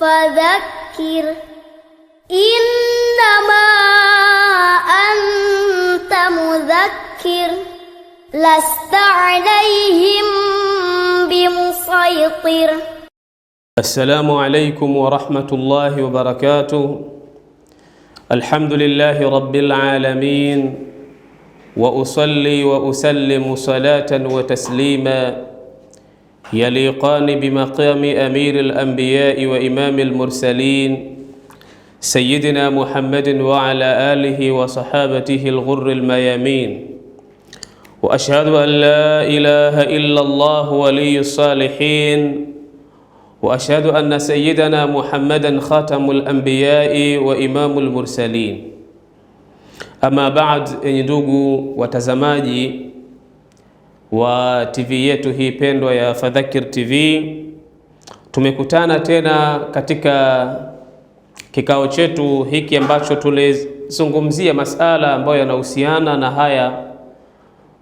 فذكر إنما أنت مذكر لست عليهم بمسيطر السلام عليكم ورحمة الله وبركاته الحمد لله رب العالمين وأصلي وأسلم صلاة وتسليما يليقان بمقام امير الانبياء وامام المرسلين سيدنا محمد وعلى اله وصحابته الغر الميامين واشهد ان لا اله الا الله ولي الصالحين واشهد ان سيدنا محمدا خاتم الانبياء وامام المرسلين اما بعد ان دوغو وتزماجي wa TV yetu hii pendwa ya Fadhakir TV. Tumekutana tena katika kikao chetu hiki ambacho tulizungumzia masala ambayo yanahusiana na haya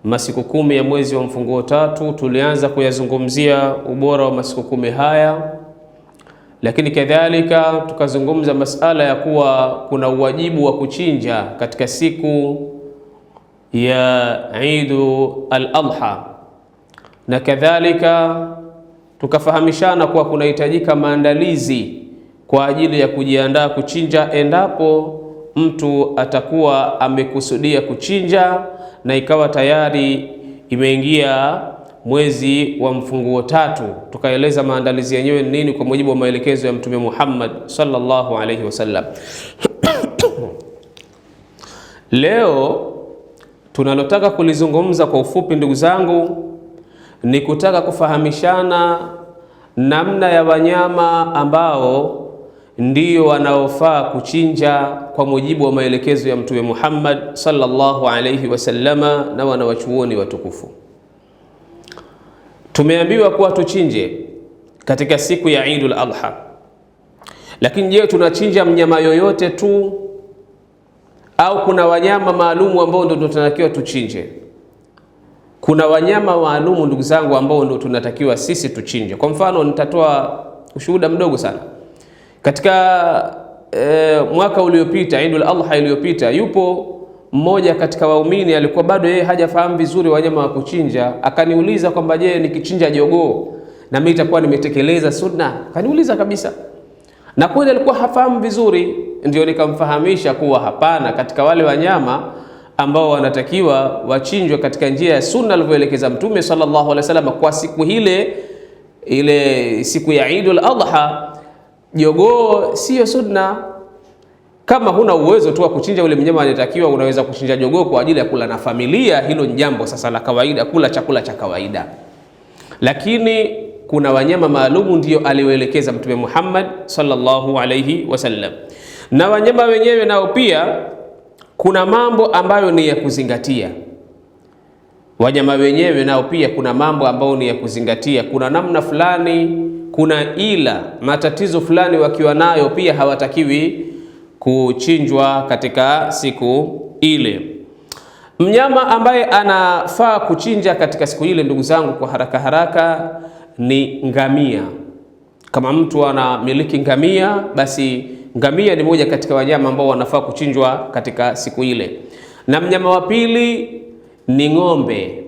masiku kumi ya mwezi wa mfunguo tatu. Tulianza kuyazungumzia ubora wa masiku kumi haya, lakini kadhalika tukazungumza masala ya kuwa kuna uwajibu wa kuchinja katika siku ya Idu al-Adha. Na kadhalika tukafahamishana kuwa kunahitajika maandalizi kwa ajili ya kujiandaa kuchinja endapo mtu atakuwa amekusudia kuchinja na ikawa tayari imeingia mwezi wa mfunguo tatu. Tukaeleza maandalizi yenyewe ni nini kwa mujibu wa maelekezo ya Mtume Muhammad sallallahu alaihi wasallam. Leo tunalotaka kulizungumza kwa ufupi, ndugu zangu, ni kutaka kufahamishana namna ya wanyama ambao ndio wanaofaa kuchinja kwa mujibu wa maelekezo ya Mtume Muhammad sallallahu alayhi wasallama na wanawachuoni watukufu. Tumeambiwa kuwa tuchinje katika siku ya Eidul Adha, lakini je, tunachinja mnyama yoyote tu au kuna wanyama maalumu ambao ndio tunatakiwa tuchinje. Kuna wanyama maalumu ndugu zangu, ambao ndio tunatakiwa sisi tuchinje. Kwa mfano, nitatoa ushuhuda mdogo sana katika e, mwaka uliopita Idul Adha iliyopita, yupo mmoja katika waumini alikuwa bado yeye hajafahamu vizuri wanyama wa kuchinja, akaniuliza kwamba je, nikichinja jogoo na mimi itakuwa nimetekeleza sunna? Kaniuliza kabisa, na kweli alikuwa hafahamu vizuri ndio nikamfahamisha kuwa hapana, katika wale wanyama ambao wanatakiwa wachinjwe katika njia ya sunna alivyoelekeza Mtume sallallahu alaihi wasallam kwa siku ile ile siku ya Idul Adha, jogoo siyo sunna. Kama huna uwezo tu wa kuchinja ule mnyama anayetakiwa, unaweza kuchinja jogoo kwa ajili ya kula na familia. Hilo ni jambo sasa la kawaida, kula chakula cha kawaida, lakini kuna wanyama maalumu ndio alioelekeza Mtume Muhammad sallallahu alaihi wasallam. Na wanyama wenyewe nao pia kuna mambo ambayo ni ya kuzingatia. Wanyama wenyewe nao pia kuna mambo ambayo ni ya kuzingatia. Kuna namna fulani, kuna ila matatizo fulani wakiwa nayo pia hawatakiwi kuchinjwa katika siku ile. Mnyama ambaye anafaa kuchinja katika siku ile, ndugu zangu, kwa haraka haraka ni ngamia. Kama mtu anamiliki ngamia, basi Ngamia ni moja katika wanyama ambao wanafaa kuchinjwa katika siku ile, na mnyama wa pili ni ng'ombe.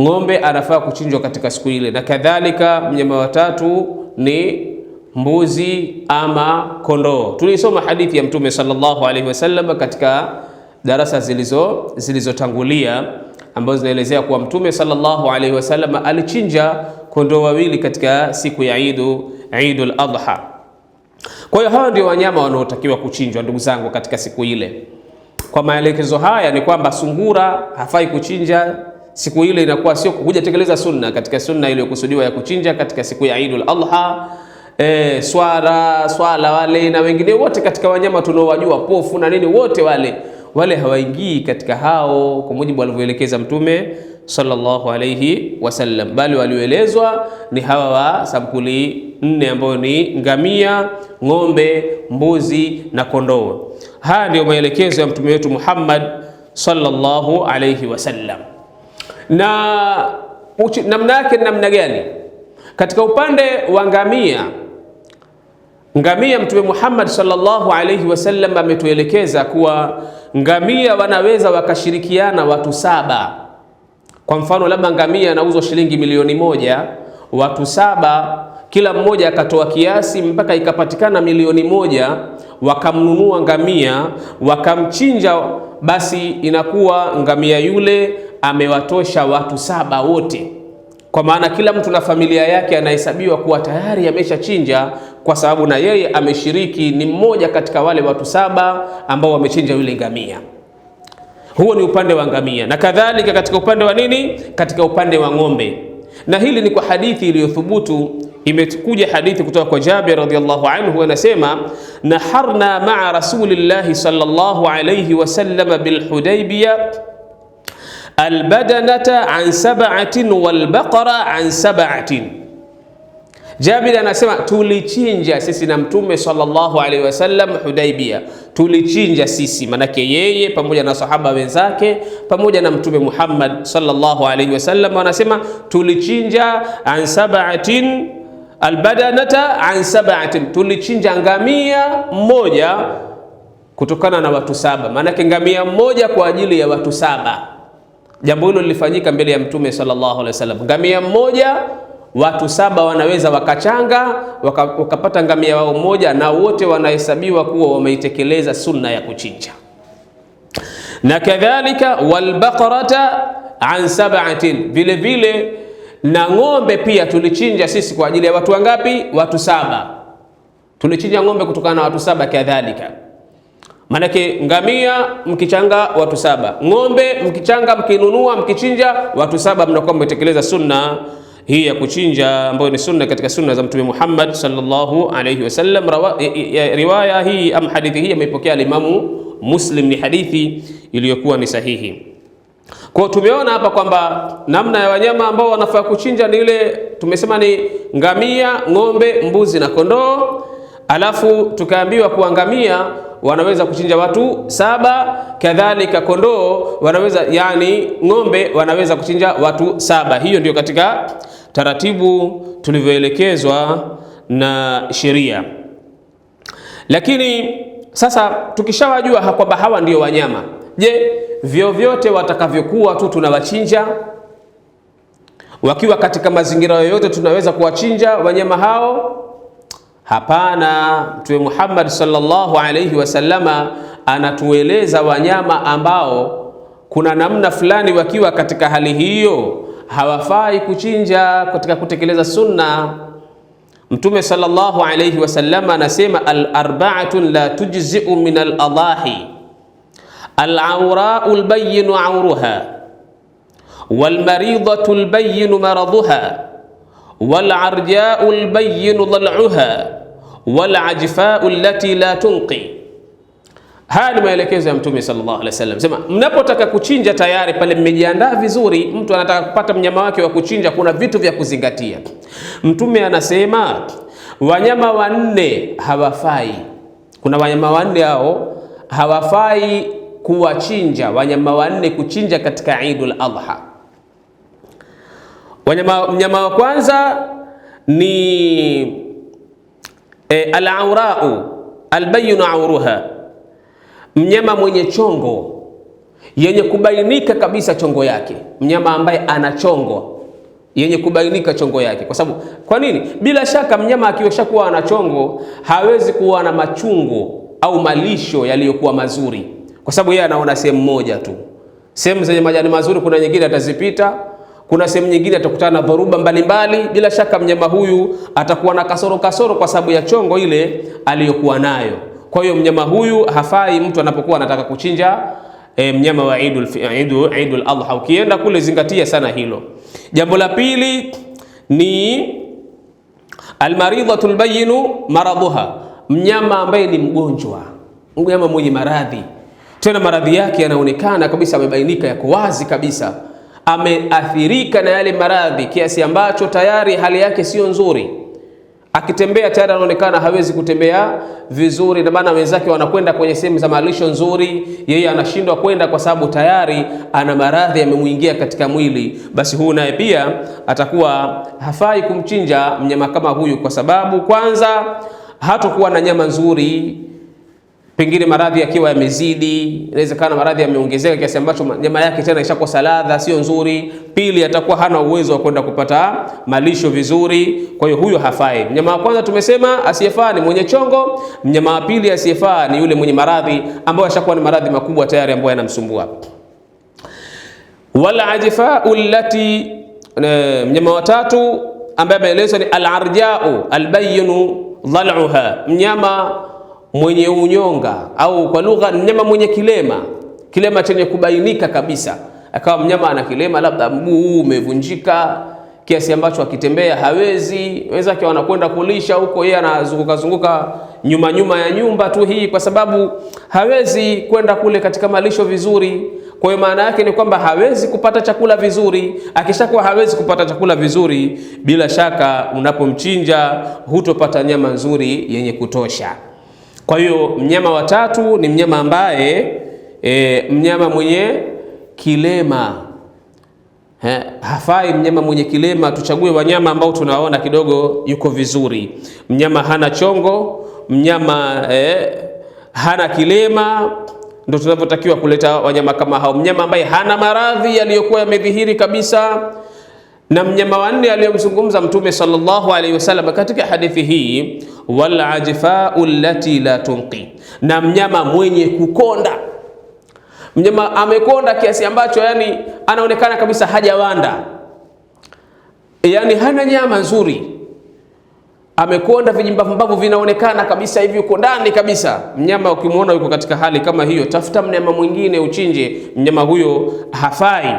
Ng'ombe anafaa kuchinjwa katika siku ile, na kadhalika mnyama wa tatu ni mbuzi ama kondoo. Tulisoma hadithi ya Mtume sallallahu alaihi wasallam katika darasa zilizo zilizotangulia ambazo zinaelezea kuwa Mtume sallallahu alaihi wasallam alichinja kondoo wawili katika siku ya Idu Idul Adha. Kwa hiyo hawa ndio wanyama wanaotakiwa kuchinjwa, ndugu zangu, katika siku ile. Kwa maelekezo haya ni kwamba sungura hafai kuchinja siku ile, inakuwa sio hujatekeleza sunna katika sunna iliyokusudiwa ya kuchinja katika siku ya Eidul Adha. E, swara swala wale na wengine wote katika wanyama tunaowajua, pofu na nini, wote wale wale hawaingii katika hao, kwa mujibu alivyoelekeza Mtume sallallahu alayhi wasallam, bali walioelezwa ni hawa wa sampuli nne ambao ni ngamia, ng'ombe, mbuzi na kondoo. Haya ndiyo maelekezo ya mtume wetu Muhammad sallallahu alayhi wasallam. Na namna yake ni namna gani? Katika upande wa ngamia ngamia Mtume Muhammad sallallahu alaihi wasallam ametuelekeza kuwa ngamia wanaweza wakashirikiana watu saba. Kwa mfano labda ngamia anauzwa shilingi milioni moja, watu saba kila mmoja akatoa kiasi mpaka ikapatikana milioni moja, wakamnunua ngamia wakamchinja, basi inakuwa ngamia yule amewatosha watu saba wote, kwa maana kila mtu na familia yake anahesabiwa kuwa tayari ameshachinja, kwa sababu na yeye ameshiriki, ni mmoja katika wale watu saba ambao wamechinja yule ngamia. Huo ni upande wa ngamia, na kadhalika katika upande wa nini, katika upande wa ng'ombe. Na hili ni kwa hadithi iliyothubutu, imekuja hadithi kutoka kwa Jabir radhiyallahu anhu, anasema naharna maa rasulillahi sallallahu alayhi wasallam bilhudaibiya albadanata an sab'atin walbaqara an sab'atin Jabir anasema tulichinja sisi na Mtume sallallahu alaihi wasallam Hudaibia, tulichinja sisi, manake yeye pamoja na sahaba wenzake pamoja na Mtume Muhammad sallallahu alaihi wasallam wanasema tulichinja an sab'atin albadanata an sab'atin, tulichinja ngamia mmoja kutokana na watu saba, manake ngamia mmoja kwa ajili ya watu saba. Jambo hilo lilifanyika mbele ya Mtume sallallahu alaihi wasallam, ngamia mmoja watu saba wanaweza wakachanga waka, wakapata ngamia wao mmoja, na wote wanahesabiwa kuwa wameitekeleza sunna ya kuchinja. Na kadhalika walbaqarata an sab'atin, vile vile na ng'ombe pia tulichinja sisi kwa ajili ya watu wangapi? Watu saba. Tulichinja ng'ombe kutokana na watu saba. Kadhalika maanake ngamia mkichanga watu saba, ng'ombe mkichanga, mkinunua, mkichinja watu saba, mnakuwa mmetekeleza sunna hii ya kuchinja ambayo ni sunna katika sunna za Mtume Muhammad sallallahu alayhi wasallam. E, e, riwaya hii am hadithi hii ameipokea Alimamu Muslim, ni hadithi iliyokuwa ni sahihi. Kwa tumeona hapa kwamba namna ya wanyama ambao wanafaa kuchinja ni ile tumesema ni ngamia, ng'ombe, mbuzi na kondoo. Alafu tukaambiwa kuwa ngamia wanaweza kuchinja watu saba, kadhalika kondoo wanaweza, yani ng'ombe wanaweza kuchinja watu saba. Hiyo ndio katika taratibu tulivyoelekezwa na sheria. Lakini sasa tukishawajua kwamba hawa ndio wanyama, je, vyovyote watakavyokuwa tu tunawachinja wakiwa katika mazingira yoyote, tunaweza kuwachinja wanyama hao? Hapana. Mtume Muhammad sallallahu alaihi wasallama anatueleza wanyama ambao kuna namna fulani wakiwa katika hali hiyo hawafai kuchinja katika kutekeleza sunna. Mtume sallallahu alayhi wasallam anasema al arbaatu la tujzi'u min al-adahi al-awra'u al-bayyinu 'awruha wal-maridatu al-bayyinu maraduha wal-arja'u al-bayyinu dhal'uha wal-ajfa'u allati la tunqi Haya ni maelekezo ya Mtume sallallahu alaihi wasallam. Sema mnapotaka kuchinja tayari pale mmejiandaa vizuri, mtu anataka kupata mnyama wake wa kuchinja, kuna vitu vya kuzingatia. Mtume anasema wanyama wanne hawafai. Kuna wanyama wanne hao hawafai kuwachinja, wanyama wanne kuchinja katika Idul Adha. Wanyama, mnyama wa kwanza ni e, alaurau albayinu auruha Mnyama mwenye chongo yenye kubainika kabisa chongo yake, mnyama ambaye ana chongo yenye kubainika chongo yake. Kwa sababu kwa nini? Bila shaka mnyama akiwesha kuwa ana chongo hawezi kuwa na machungo au malisho yaliyokuwa mazuri, kwa sababu yeye anaona sehemu moja tu. Sehemu zenye majani mazuri, kuna nyingine atazipita kuna sehemu nyingine atakutana na dhoruba mbalimbali. Bila shaka mnyama huyu atakuwa na kasoro kasoro, kwa sababu ya chongo ile aliyokuwa nayo. Kwa hiyo mnyama huyu hafai mtu anapokuwa anataka kuchinja e, mnyama wa Eidul Eidul Eidul Adha. Ukienda kule zingatia sana hilo. Jambo la pili ni almaridhatul bayinu maradhuha, mnyama ambaye ni mgonjwa, mnyama mwenye maradhi, tena maradhi yake yanaonekana kabisa, amebainika, yako wazi kabisa, ameathirika na yale maradhi kiasi ambacho tayari hali yake sio nzuri akitembea tayari anaonekana hawezi kutembea vizuri, na maana wenzake wanakwenda kwenye sehemu za malisho nzuri, yeye anashindwa kwenda kwa sababu tayari ana maradhi yamemwingia katika mwili. Basi huyu naye pia atakuwa hafai kumchinja mnyama kama huyu, kwa sababu kwanza hatokuwa na nyama nzuri pengine maradhi yakiwa yamezidi, inawezekana maradhi yameongezeka kiasi ambacho nyama yake tena ishakosa ladha, sio nzuri. Pili, atakuwa hana uwezo wa kwenda kupata malisho vizuri, kwa hiyo huyo hafai. Mnyama wa kwanza tumesema asiyefaa ni mwenye chongo. Mnyama wa pili asiyefaa ni yule mwenye maradhi ambayo ashakuwa ni maradhi makubwa tayari ambayo yanamsumbua. Wala ajfau ulati, eh, mnyama wa tatu ambaye ameelezwa ni alarjau albayinu dhaluha, mnyama mwenye unyonga au kwa lugha mnyama mwenye kilema, kilema chenye kubainika kabisa, akawa mnyama ana kilema, labda mguu huu umevunjika kiasi ambacho akitembea hawezi. Wenzake anakwenda kulisha huko, yeye anazunguka zunguka nyuma nyuma ya nyumba tu hii, kwa sababu hawezi kwenda kule katika malisho vizuri. Kwa hiyo maana yake ni kwamba hawezi kupata chakula vizuri. Akishakuwa hawezi kupata chakula vizuri, bila shaka unapomchinja hutopata nyama nzuri yenye kutosha. Kwa hiyo mnyama wa tatu ni mnyama ambaye e, mnyama mwenye kilema He, hafai mnyama mwenye kilema. Tuchague wanyama ambao tunaona kidogo yuko vizuri. Mnyama hana chongo, mnyama eh, hana kilema, ndo tunavyotakiwa kuleta wanyama kama hao. Mnyama ambaye hana maradhi yaliyokuwa yamedhihiri kabisa na mnyama wanne aliyomzungumza Mtume sallallahu alaihi wasallam katika hadithi hii, wal ajfau allati la tunqi, na mnyama mwenye kukonda. Mnyama amekonda kiasi ambacho yani anaonekana kabisa hajawanda, yani hana nyama nzuri, amekonda vijimbavumbavu vinaonekana kabisa hivi, uko ndani kabisa. Mnyama ukimwona yuko katika hali kama hiyo, tafuta mnyama mwingine uchinje, mnyama huyo hafai.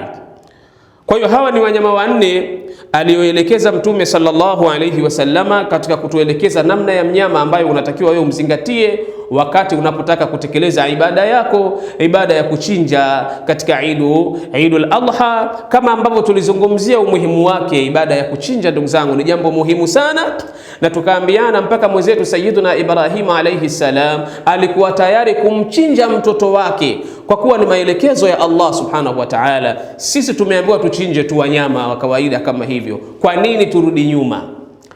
Kwa hiyo hawa ni wanyama wanne aliyoelekeza Mtume sallallahu alayhi wasallama katika kutuelekeza namna ya mnyama ambayo unatakiwa wewe umzingatie wakati unapotaka kutekeleza ibada yako, ibada ya kuchinja katika Idu Idul Adha, kama ambavyo tulizungumzia umuhimu wake. Ibada ya kuchinja, ndugu zangu, ni jambo muhimu sana, na tukaambiana mpaka mwenzetu Sayyiduna Ibrahim alayhi salam alikuwa tayari kumchinja mtoto wake kwa kuwa ni maelekezo ya Allah subhanahu wa ta'ala. Sisi tumeambiwa tuchinje tu wanyama wa kawaida kama kama hivyo. Kwa nini turudi nyuma?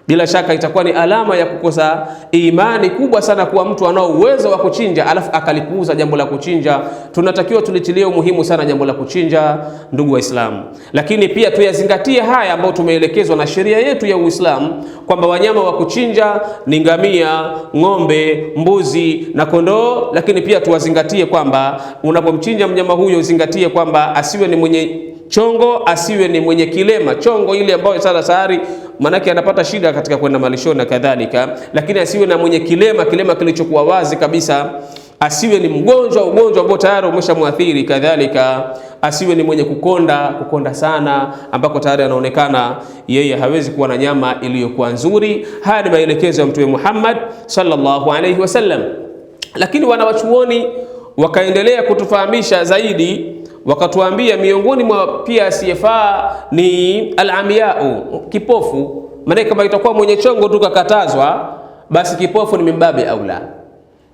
Bila shaka itakuwa ni alama ya kukosa imani kubwa sana, kuwa mtu anao uwezo wa kuchinja alafu akalipuuza jambo la kuchinja. Tunatakiwa tulitilie umuhimu sana jambo la kuchinja, ndugu Waislamu, lakini pia tuyazingatie haya ambayo tumeelekezwa na sheria yetu ya Uislamu kwamba wanyama wa kuchinja ni ngamia, ng'ombe, mbuzi na kondoo. Lakini pia tuwazingatie kwamba unapomchinja mnyama huyo uzingatie kwamba asiwe ni mwenye Chongo asiwe ni mwenye kilema, chongo ile ambayo sasa sahari manake anapata shida katika kwenda malishoni na kadhalika, lakini asiwe na mwenye kilema, kilema kilichokuwa wazi kabisa. Asiwe ni mgonjwa, ugonjwa ambao tayari umeshamwathiri kadhalika. Asiwe ni mwenye kukonda, kukonda sana ambako tayari anaonekana yeye hawezi kuwa na nyama iliyokuwa nzuri. Haya ni maelekezo ya Mtume Muhammad sallallahu alaihi wasallam, lakini wanawachuoni wakaendelea kutufahamisha zaidi wakatuambia miongoni mwa pia asiyefaa ni alamyau, kipofu. Maana kama itakuwa mwenye chongo tu kakatazwa, basi kipofu ni au la.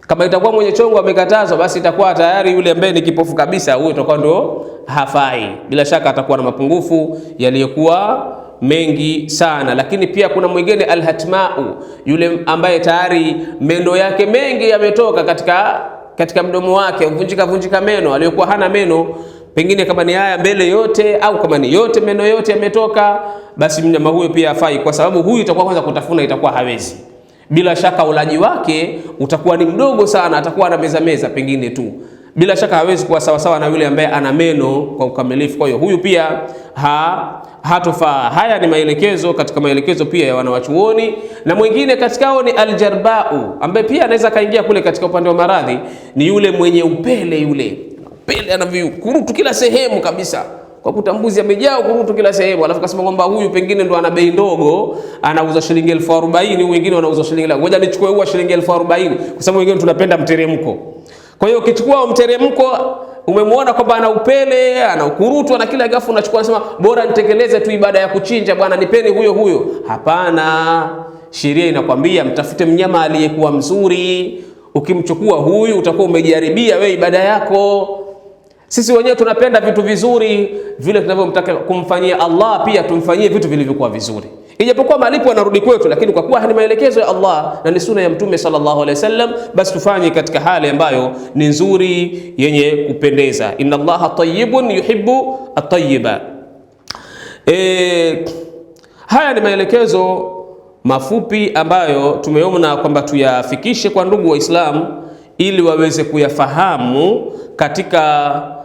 Kama itakuwa mwenye chongo amekatazwa, basi itakuwa tayari yule ambaye ni kipofu kabisa, huyo itakuwa ndo hafai. Bila shaka atakuwa na mapungufu yaliyokuwa mengi sana, lakini pia kuna mwingine alhatmau, yule ambaye tayari meno yake mengi yametoka katika katika mdomo wake, vunjika vunjika meno aliyokuwa hana meno pengine kama ni haya mbele yote au kama ni yote meno yote yametoka, basi mnyama huyo pia afai, kwa sababu huyu itakuwa kwanza kutafuna itakuwa hawezi. Bila shaka ulaji wake utakuwa ni mdogo sana, atakuwa anameza meza pengine tu, bila shaka hawezi kuwa sawasawa na yule ambaye ana meno kwa ukamilifu. Kwa hiyo huyu pia ha hatofaa. Haya ni maelekezo katika maelekezo pia ya wanawachuoni, na mwingine katikao ni aljarbau, ambaye pia anaweza akaingia kule katika upande wa maradhi, ni yule mwenye upele yule anapenda anaviukurutu kila sehemu kabisa kwa kutambuzi mbuzi amejaa ukurutu kila sehemu, alafu kasema kwamba huyu pengine ndo ana bei ndogo, anauza shilingi elfu arobaini wengine wanauza shilingi laki. Ngoja nichukue huwa shilingi elfu arobaini kwa sababu wengine tunapenda mteremko. Kwa hiyo ukichukua mteremko, umemwona kwamba ana upele, ana ukurutu, ana kila gafu, unachukua unasema bora nitekeleze tu ibada ya kuchinja, bwana nipeni huyo huyo. Hapana, sheria inakwambia mtafute mnyama aliyekuwa mzuri. Ukimchukua huyu utakuwa umejaribia wewe ibada yako sisi wenyewe tunapenda vitu vizuri vile tunavyomtaka kumfanyia Allah, pia tumfanyie vitu vilivyokuwa vizuri, ijapokuwa malipo yanarudi kwetu, lakini kwa kuwa ni maelekezo ya Allah na ni sunna ya Mtume sallallahu alaihi wasallam, basi tufanye katika hali ambayo ni nzuri yenye kupendeza. Inna Allaha tayyibun yuhibbu at-tayyiba. E, haya ni maelekezo mafupi ambayo tumeona kwamba tuyafikishe kwa ndugu Waislamu ili waweze kuyafahamu katika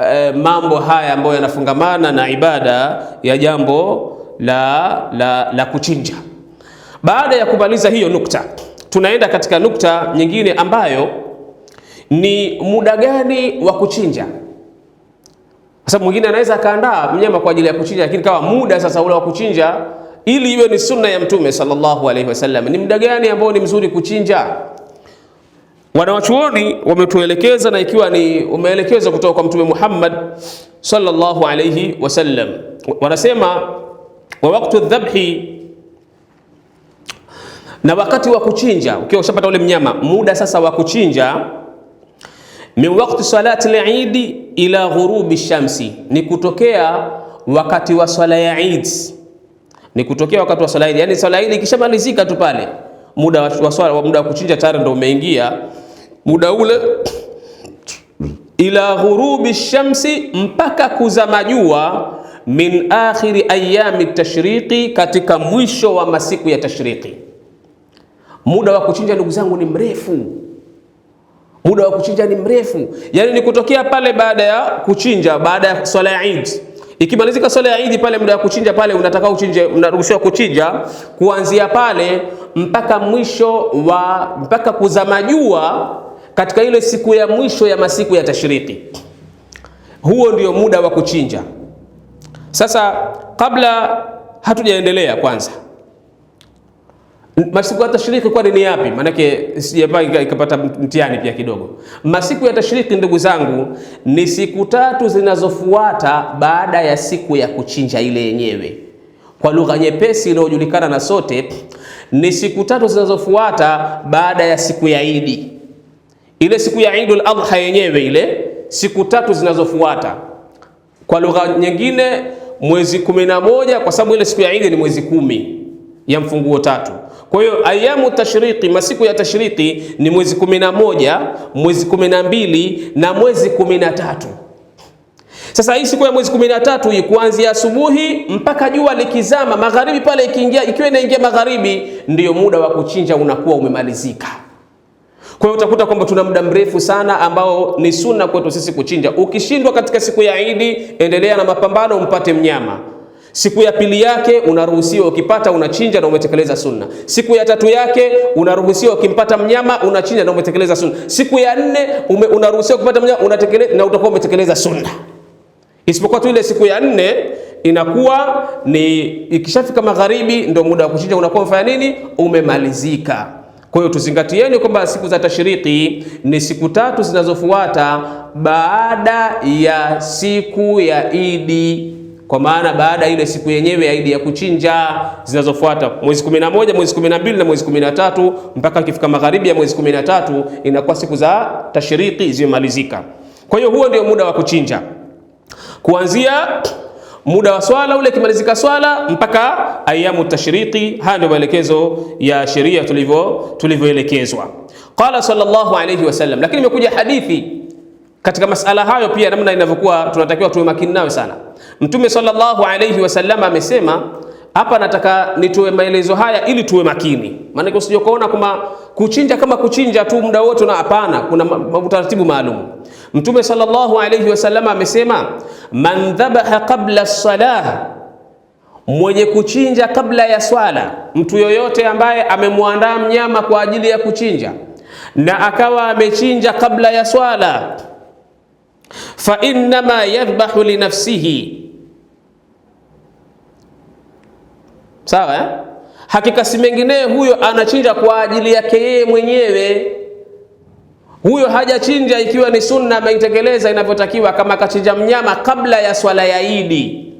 e, mambo haya ambayo yanafungamana na ibada ya jambo la, la, la kuchinja. Baada ya kumaliza hiyo nukta, tunaenda katika nukta nyingine ambayo ni muda gani wa kuchinja. Sasa mwingine anaweza akaandaa mnyama kwa ajili ya kuchinja, lakini kawa muda sasa ule wa kuchinja, ili iwe ni sunna ya Mtume sallallahu alaihi wasallam, ni muda gani ambao ni mzuri kuchinja? Wanawachuoni wametuelekeza na ikiwa ni umeelekezwa kutoka kwa Mtume Muhammad sallallahu alayhi wasallam, wanasema wa waktu dhabhi, na wakati wa kuchinja ukiwa ushapata ule mnyama, muda sasa wa kuchinja min wakti salati al-Eid ila ghurubi shamsi, ni kutokea wakati wa swala ya Eid, ni kutokea wakati wa swala ya Eid. Yani swala ya Eid ikishamalizika tu pale muda wa swala, muda wa kuchinja tayari ndio umeingia muda ule ila ghurubi shamsi, mpaka kuzama jua, min akhiri ayami tashriqi, katika mwisho wa masiku ya tashriqi. Muda wa kuchinja ndugu zangu ni mrefu, muda wa kuchinja ni mrefu, yani ni kutokea pale baada ya kuchinja, baada ya swala ya Eid ikimalizika swala ya Eid pale, muda wa kuchinja pale unataka uchinje, unaruhusiwa kuchinja kuanzia pale mpaka mwisho wa mpaka kuzama jua katika ile siku ya mwisho ya masiku ya tashriki. Huo ndio muda wa kuchinja. Sasa kabla hatujaendelea, kwanza masiku ya tashriki kwani ni yapi? Maanake sijamaa ikapata mtihani pia kidogo. Masiku ya tashriki, ndugu zangu, ni siku tatu zinazofuata baada ya siku ya kuchinja ile yenyewe. Kwa lugha nyepesi inayojulikana na sote, ni siku tatu zinazofuata baada ya siku ya Idi ile siku ya Eidul Adha yenyewe, ile siku tatu zinazofuata, kwa lugha nyingine mwezi kumi na moja, kwa sababu ile siku ya Eid ni mwezi kumi ya mfunguo tatu. Kwa hiyo ayamu tashriqi, masiku ya tashriqi ni mwezi kumi na moja, mwezi kumi na mbili na mwezi kumi na tatu. Sasa hii siku ya mwezi kumi na tatu hii kuanzia asubuhi mpaka jua likizama magharibi pale, ikiingia ikiwa inaingia magharibi, ndiyo muda wa kuchinja unakuwa umemalizika. Kwa hiyo utakuta kwamba tuna muda mrefu sana ambao ni sunna kwetu sisi kuchinja. Ukishindwa katika siku ya Idi, endelea na mapambano mpate mnyama. Siku ya pili yake unaruhusiwa, ukipata unachinja na umetekeleza sunna. Siku ya tatu yake unaruhusiwa, ukimpata mnyama unachinja na umetekeleza sunna. Siku ya nne unaruhusiwa, kupata mnyama unatekeleza na utakuwa umetekeleza sunna, isipokuwa tu ile siku ya nne inakuwa ni ikishafika magharibi, ndio muda wa kuchinja unakuwa umefanya nini, umemalizika. Kwa hiyo tuzingatieni kwamba siku za tashiriki ni siku tatu zinazofuata baada ya siku ya Idi, kwa maana baada ya ile siku yenyewe ya Idi ya kuchinja, zinazofuata mwezi 11, mwezi 12 na mwezi 13, mpaka ikifika magharibi ya mwezi 13 inakuwa siku za tashiriki zimemalizika. Kwa hiyo huo ndio muda wa kuchinja kuanzia muda wa swala ule, kimalizika swala mpaka ayamu tashriqi. Haya ndio maelekezo ya sheria tulivyo tulivyoelekezwa. Qala sallallahu alayhi wasallam. Lakini imekuja hadithi katika masala hayo pia, namna inavyokuwa tunatakiwa tuwe makini nayo sana. Mtume sallallahu alayhi wasallam amesema hapa nataka nitoe maelezo haya ili tuwe makini, maanake usije kuona kama kuchinja kama kuchinja tu muda wote, na hapana, kuna utaratibu maalum. Mtume sallallahu alayhi wasallam amesema, man dhabaha qabla salah, mwenye kuchinja kabla ya swala, mtu yoyote ambaye amemwandaa mnyama kwa ajili ya kuchinja na akawa amechinja kabla ya swala, fa innama yadhbahu li nafsihi Sawa eh? Hakika si mengineyo huyo anachinja kwa ajili yake yeye mwenyewe. Huyo hajachinja ikiwa ni sunna ameitekeleza inavyotakiwa, kama akachinja mnyama kabla ya swala ya Idi,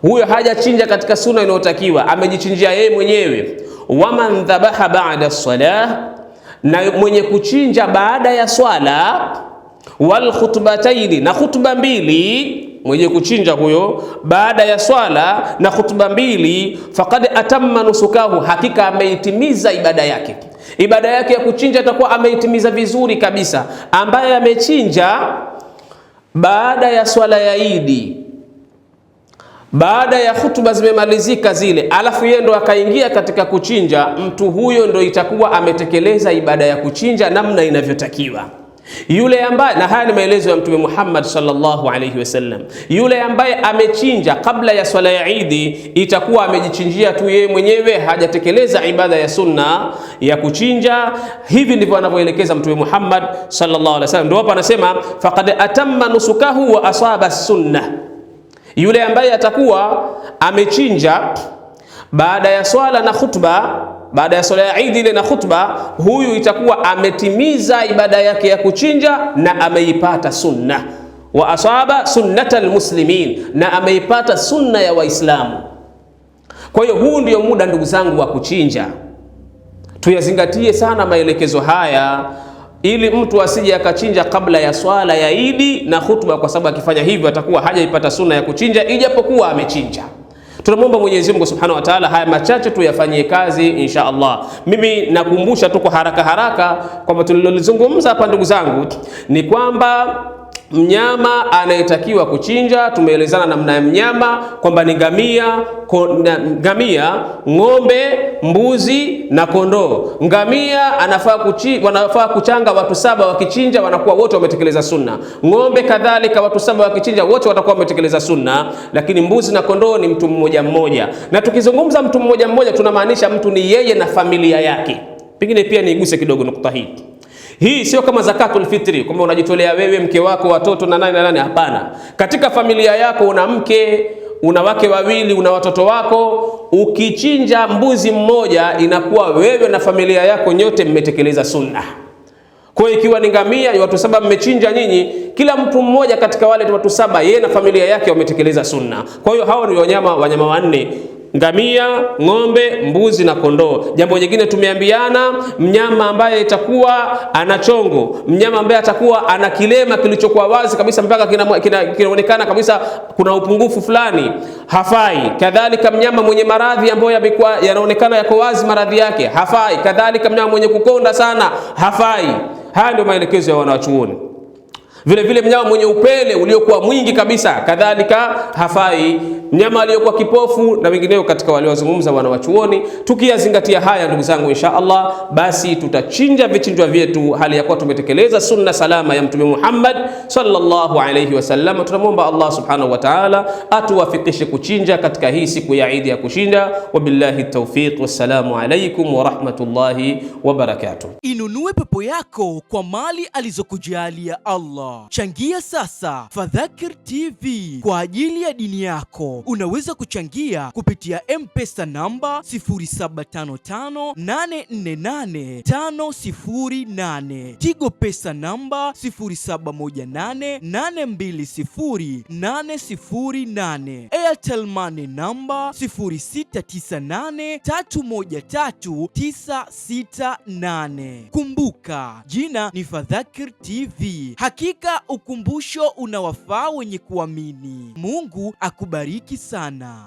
huyo hajachinja katika sunna inayotakiwa, amejichinjia yeye mwenyewe. Waman dhabaha ba'da salah, na mwenye kuchinja baada ya swala, wal khutbataini, na khutba mbili mwenye kuchinja huyo baada ya swala na khutba mbili, faqad atamma nusukahu, hakika ameitimiza ibada yake. Ibada yake ya kuchinja atakuwa ameitimiza vizuri kabisa. Ambaye amechinja baada ya swala ya Idi, baada ya khutba zimemalizika zile, alafu yeye ndo akaingia katika kuchinja, mtu huyo ndo itakuwa ametekeleza ibada ya kuchinja namna inavyotakiwa yule ambaye, na haya ni maelezo ya Mtume Muhammad sallallahu alayhi wasallam, yule ambaye amechinja kabla ya swala ya Idi itakuwa amejichinjia tu yeye mwenyewe, hajatekeleza ibada ya sunna ya kuchinja. Hivi ndivyo anavyoelekeza Mtume Muhammad sallallahu alayhi wasallam. Ndio hapa anasema faqad atamma nusukahu wa asaba sunna, yule ambaye atakuwa amechinja baada ya swala na khutba baada ya swala ya Idi ile na khutba, huyu itakuwa ametimiza ibada yake ya kuchinja na ameipata sunna wa asaba sunnata almuslimin, na ameipata sunna ya Waislamu. Kwa hiyo huu ndio muda ndugu zangu wa kuchinja. Tuyazingatie sana maelekezo haya ili mtu asije akachinja kabla ya swala ya Idi na khutba, kwa sababu akifanya hivyo atakuwa hajaipata sunna ya kuchinja ijapokuwa amechinja. Tunamwomba Mwenyezi Mungu Subhanahu wa Ta'ala, haya machache tu yafanyie kazi insha Allah. Mimi nakumbusha tu kwa haraka haraka kwamba tulilolizungumza hapa, ndugu zangu, ni kwamba mnyama anayetakiwa kuchinja tumeelezana namna ya mnyama kwamba ni ngamia, ngamia, ng'ombe, mbuzi na kondoo. Ngamia anafaa kuchi, wanafaa kuchanga watu saba, wakichinja wanakuwa wote wametekeleza sunna. Ng'ombe kadhalika, watu saba wakichinja wote watakuwa wametekeleza sunna, lakini mbuzi na kondoo ni mtu mmoja mmoja. Na tukizungumza mtu mmoja mmoja, tunamaanisha mtu ni yeye na familia yake. Pengine pia niiguse kidogo nukta hii. Hii sio kama zakatul fitri kwamba unajitolea wewe, mke wako, watoto na nani na nani. Hapana, katika familia yako una mke una wake wawili una watoto wako, ukichinja mbuzi mmoja inakuwa wewe na familia yako nyote mmetekeleza sunna. Kwa hiyo ikiwa ni ngamia ni watu saba mmechinja nyinyi, kila mtu mmoja katika wale watu saba, yeye na familia yake wametekeleza sunna. Kwa hiyo hao ni wanyama wanyama wanne ngamia, ng'ombe, mbuzi na kondoo. Jambo jingine tumeambiana, mnyama ambaye itakuwa ana chongo, mnyama ambaye atakuwa ana kilema kilichokuwa wazi kabisa mpaka kinaonekana kina, kina kabisa kuna upungufu fulani, hafai. Kadhalika mnyama mwenye maradhi ambayo yamekuwa yanaonekana yako wazi maradhi yake, hafai. Kadhalika mnyama mwenye kukonda sana, hafai. Haya ndio maelekezo ya wanawachuoni. Vile vile mnyama mwenye upele uliokuwa mwingi kabisa, kadhalika hafai. Mnyama aliyokuwa kipofu na wengineo katika waliowazungumza wana wachuoni. Tukiyazingatia haya, ndugu zangu, insha Allah, basi tutachinja vichinjwa vyetu hali ya kuwa tumetekeleza sunna salama ya Mtume Muhammad sallallahu alayhi wasallam. Tunamwomba Allah subhanahu wa ta'ala atuwafikishe kuchinja katika hii siku ya Idi ya kushinda. Wabillahi tawfiq, wassalamu alaykum wa rahmatullahi wa barakatuh. Inunue pepo yako kwa mali alizokujalia Allah. Changia sasa Fadhakir TV kwa ajili ya dini yako. Unaweza kuchangia kupitia M-Pesa namba 0755848508, Tigo Pesa namba 0718820808, Airtel Money namba 0698313968. Kumbuka jina ni Fadhakir TV. Hakika Hakika ukumbusho unawafaa wenye kuamini. Mungu akubariki sana.